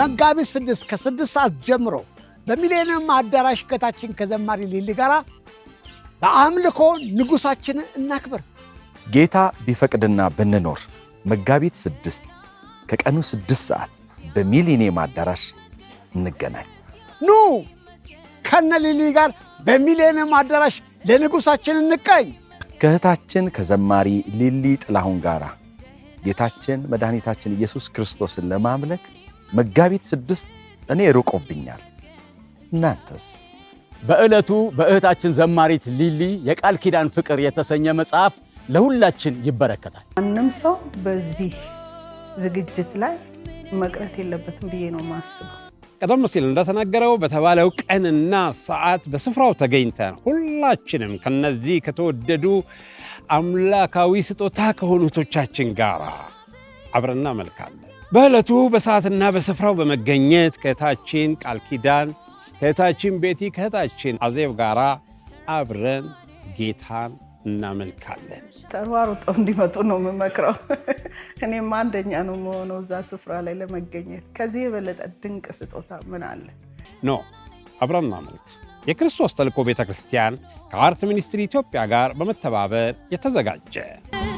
መጋቢት ስድስት ከስድስት ሰዓት ጀምሮ በሚሊኒየም አዳራሽ ከታችን ከዘማሪ ሊሊ ጋር በአምልኮ ንጉሳችንን እናክብር። ጌታ ቢፈቅድና ብንኖር መጋቢት ስድስት ከቀኑ ስድስት ሰዓት በሚሊኒየም አዳራሽ እንገናኝ። ኑ ከነ ሊሊ ጋር በሚሊኒየም አዳራሽ ለንጉሳችን እንቀኝ። ከእህታችን ከዘማሪ ሊሊ ጥላሁን ጋር ጌታችን መድኃኒታችን ኢየሱስ ክርስቶስን ለማምለክ መጋቢት ስድስት እኔ ርቆብኛል። እናንተስ? በዕለቱ በእህታችን ዘማሪት ሊሊ የቃል ኪዳን ፍቅር የተሰኘ መጽሐፍ ለሁላችን ይበረከታል። ማንም ሰው በዚህ ዝግጅት ላይ መቅረት የለበትም ብዬ ነው ማስበው። ቀደም ሲል እንደተናገረው በተባለው ቀንና ሰዓት በስፍራው ተገኝተን ሁላችንም ከነዚህ ከተወደዱ አምላካዊ ስጦታ ከሆኑቶቻችን ጋር አብረና መልካለን። በዕለቱ በሰዓትና በስፍራው በመገኘት ከእህታችን ቃል ኪዳን ከእህታችን ቤቲ ከእህታችን አዜብ ጋራ አብረን ጌታን እናመልካለን። ተሯሩጦ እንዲመጡ ነው የምመክረው። እኔም አንደኛ ነው መሆነው እዛ ስፍራ ላይ ለመገኘት። ከዚህ የበለጠ ድንቅ ስጦታ ምን አለ? ኖ አብረን እናመልክ። የክርስቶስ ተልእኮ ቤተ ክርስቲያን ከአርት ሚኒስትሪ ኢትዮጵያ ጋር በመተባበር የተዘጋጀ